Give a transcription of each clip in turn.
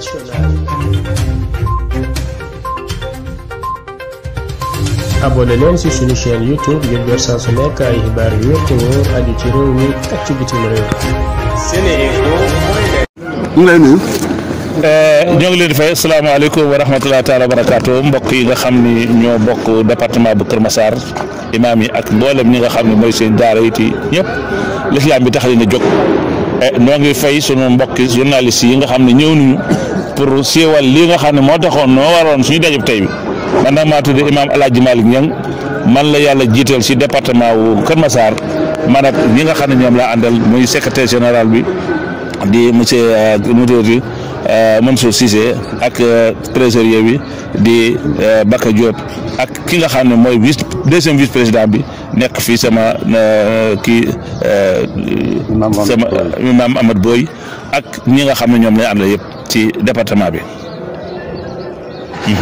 internationale. abonné leen ci suñu chaîne youtube ngir yu wér te ci réew mi ak ci bitim réew. Seneinfo. mu eh, ñoo ngi leen fay salaamaaleykum wa rahmatulah taala wa barakaatu mbokk yi nga xam ni ñoo bokk département bu Kër Massar imaam yi ak mboolem ñi nga xam ne mooy seen daara yi ti ñëpp lislaam bi tax leen a jóg. noo eh, ngi fay sunu mbokki journaliste yi nga xam ne ñëw nañu pour siiwal lii nga xam ne moo taxoon noo waroon suñu dajub tey bi man nag maa tudd imaam El Hadj Malick man la yàlla jiiteel si département wu Kër Massar man ak nga xam ne ñoom laa àndal muy secrétaire général bi di monsieur euh, Moutoudi euh, Mansour Cissé ak euh, trésorier bi di Bakka ak ki nga xam ne mooy vice deuxième vice bi nekk fii sama kii ak ñi nga xam ne ñoom lay àndal yëpp. ci département bi.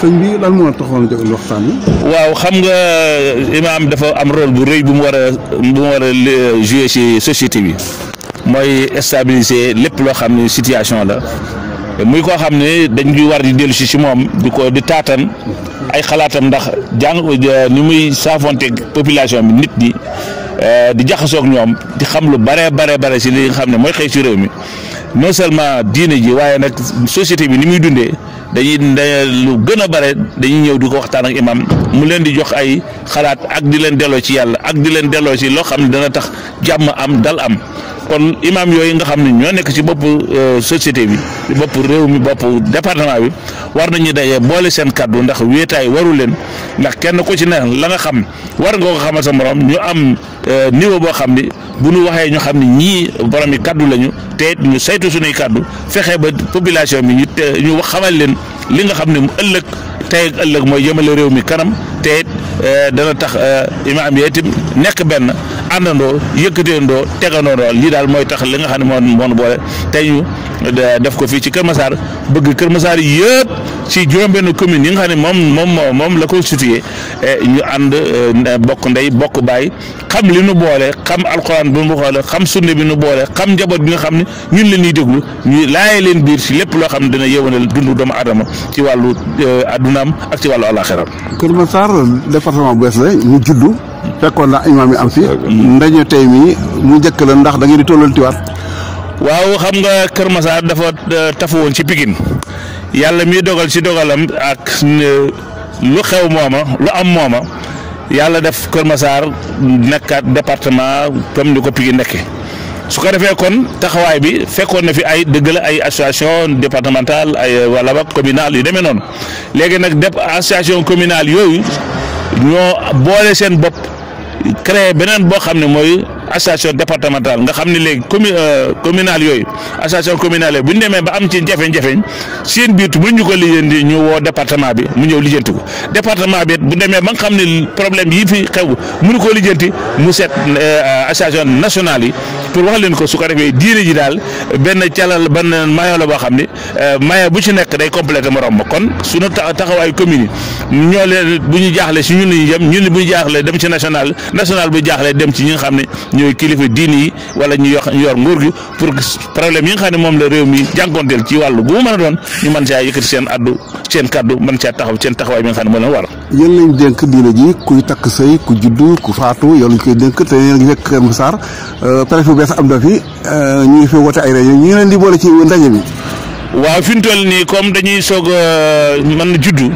sëñ waaw xam nga euh, imaam dafa am rôle bu rëy bu mu war a bu mu war a euh, jouer société bi mooy stabiliser lépp loo xam ne situation la muy koo xam ne dañ koy war di dellu si si moom di ko di taatan ay xalaatam ndax jàng euh, ni muy saafonteeg population bi nit ñi di jaxasoog ñoom di xam lu bare bare bare si li nga xam ne mooy xëy si réew mi non seulement diine ji waaye nag société bi ni muy dundee dañuy lu gën a bare dañuy ñëw du ko waxtaan ak imam mu leen di jox ay xalaat ak di leen delloo ci yàlla ak di leen delloo ci loo xam ne dana tax jàmm am dal am kon imaam yooyu nga xam ne ñoo nekk ci bopp euh, société bi ci bopp réew mi bopp département bi war nañu daje boole seen kàddu ndax wéetaay waru leen ndax kenn ku ci ne la nga xam war nga ko xamal sa morom ñu am euh, niveau boo xam ni bu nu waxee ñu xam ne ñii borom yi kàddu lañu te ñu saytu suñuy kàddu fexe ba population bi ñu te ñu xamal leen li nga xam ne mu ëllëg tey ak ëllëg mooy jëmale réew mi kanam te Eh, dana tax eh, imaam yi itam nekk benn àndandoo yëkkateendoo tegandoondoo lii daal mooy tax li nga xam ne moom moonu boole tey def ko fii ci Kër Massar bëgg Kër Massar yëpp ci juróom-benn commune yi nga xam ne moom moom moom la constitué eh, ñu ànd bokk ndey bokk baay xam li nu boole xam alxuraan bi nu xoolee xam sunne bi nu boole xam njaboot bi nga xam ne ñun leen ñuy déglu ñu laaye leen biir si lépp loo xam ne dina yéwénal dund doomu adama ci wàllu addunaam ak ci wàllu alaxiraam département bu bees la mu na imaam yi am fi mm. ndaje tey ndax da ngeen di tollantiwaat waaw xam nga Kër Masaar dafa euh, tafu woon ci Pikine yàlla mi dogal ci dogalam ak lu xew mooma lu am mooma def Kër Masaar nekkaat département comme ni ko Pikine nekke su ko defee kon taxawaay bi fekkoon na fi ay dëgg la ay association départementale ay wala ba communale yu demee noonu léegi nag association communale yooyu ñoo boole seen bopp créer beneen boo xam ne mooy association départementale nga xam ne léegi commu euh, communal yooyu association communale yooyu bu ñu demee ba am ci jafe-jafe seen biir bu ñu ko lijjanti ñu woo département bi mu ñëw lijjanti ko département bi bu demee ba nga xam ne problème yi fi xew mënu koo lijjanti mu seet euh, association nationale yi ko su ko defee diine ji euh, ci nekk day complété morom ma kon suñu taxawaayu commune yi ñoo leen bu ñu jaaxle si ñun ñu jëm ñun ñu jaaxle dem ci national national bu jaaxle dem ci ñi xam ne ñooy kilifa diini yi wala ñu yor nguur gi pour problème yi nga xam ne moom la réew mi jànkoonteel ci wàllu bu mu mën a doon ñu mën caa yëkkati seen addu seen kaddu mën caa taxaw seen taxawaay bi nga xam ne moo leen war. yéen lañ dénk diine ji kuy takk sëy ku juddu ku faatu yow koy dénk te yéen a ngi fekk Kër Massar euh, préfet bees am na euh, ñu ngi fi ay rajo ñu ngi di boole ci ndaje bi. waaw fi nii comme dañuy soog a euh, mën a juddu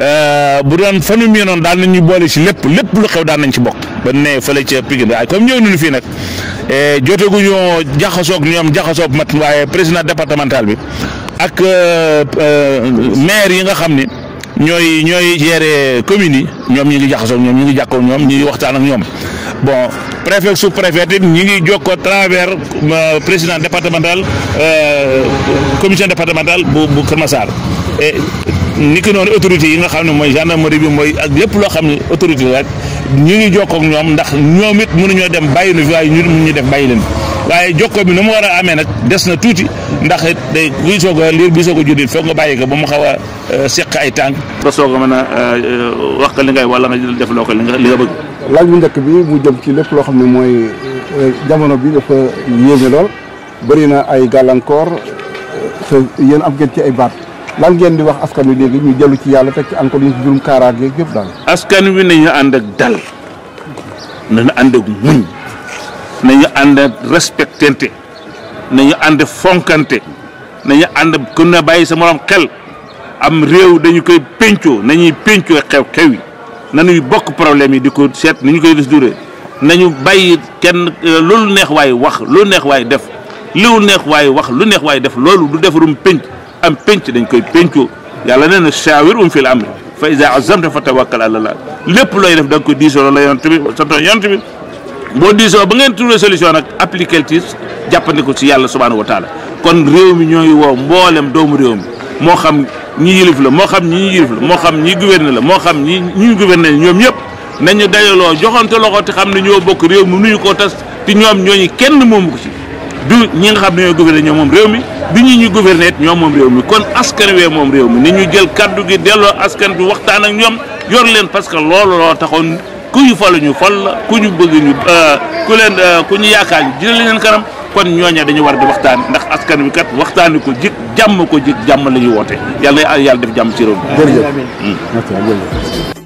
Euh, bu doon fanu mii noonu daan nañu boole si lépp lépp lu xew daan nañ ci bokk ba ne fële ca Pikine waaye comme ñëw nañu fii nag eh, joteguñu jaxasoog ñoom jaxasoog mat waaye président départemental bi ak euh, euh, maire yi nga xam ni ñooy ñooy gérer communes yi ñoom ñi ngi jaxasoog ñoom ñi ngi jàkkoo ñoom ñi ngi waxtaan ak ñoom bon préfet sous préfet it ñi ngi jokkoo travers président départemental commission départementale bu bu Kër Massar niki noonu autorité yi nga xam ne mooy gendarmerie bi mooy ak lépp loo xam ne autorité la rek ñu ngi jokkoo ak ndax ñoom it mënuñoo dem bàyyi nu fi ñu mun ñu def bàyyi leen waaye jokkoo bi na mu war a amee nag des na tuuti ndax it day buy soog a liir buy soog a juddit bàyyi ko ba mu xaw a euh, seq ay tànk. nga soog a mën a euh, wax ko li ngay wala nga def loo ko li nga li nga bëgg. laaj bi mu jëm ci lépp loo xam ne mooy euh, jamono bi dafa yéeme lool bëri na ay gàllankoor te yéen am ngeen ci ay baat. lan ngeen di wax askan wi léegi ñu jëlu ci yàlla fekk encore ñu si jurum kaaraangeeg yëpp daal. askan wi nañu ànd ak dal nañu ànd ak muñ nañu ànd ak respectante nañu ànd fonkante nañu ànd ku ne bàyyi sa morom xel am réew dañu koy pencoo nañuy pencoo xew-xew yi nuy bokk problème yi di ko seet ni ñu koy des durée nañu bàyyi kenn loolu neex waay wax loolu neex waay def liw neex waaye wax lu neex waay def loolu du defarum penc. am penc dañ koy pencu yàlla nee na shaawirhum fil amri fa iza azamta fa tawakkal ala Allah lépp looy def da nga koy diisoo loolu la yonent bi santoon yonent bi boo diisoo ba ngeen trouvé solution nag appliqué ci jàppandiku ci yàlla subhanahu wa taala kon réew mi ñooy woo mboolem doomu réew mi moo xam ñi yilif la moo xam ñi ñu la moo xam ñi gouverne la ñoom ñëpp nañu dajaloo joxante loxo te xam ne ñoo bokk réew mi nuyu koo tas te ñoom ñooñu kenn moomu ko ci du ñi nga xam ne ñooy ñoo moom réew mi du ñu ñu gouverner ñoo ñoom moom réew mi kon askan wee moom réew mi ni ñu jël kàddu gi delloo askan bi waxtaan ak ñoom yor leen parce que loolu taxoon ku ñu falu ñu fal la ku ñu bëgg ñu euh, ku leen euh, ku ñu yaakaar ñu jëlee leen kanam kon ñooña dañu war di waxtaan ndax askan wi kat waxtaani ko jik jàmm ko jik jàmm la ñu woote yàlla na yàlla def jàmm ci réew mi. jërëjëf mm.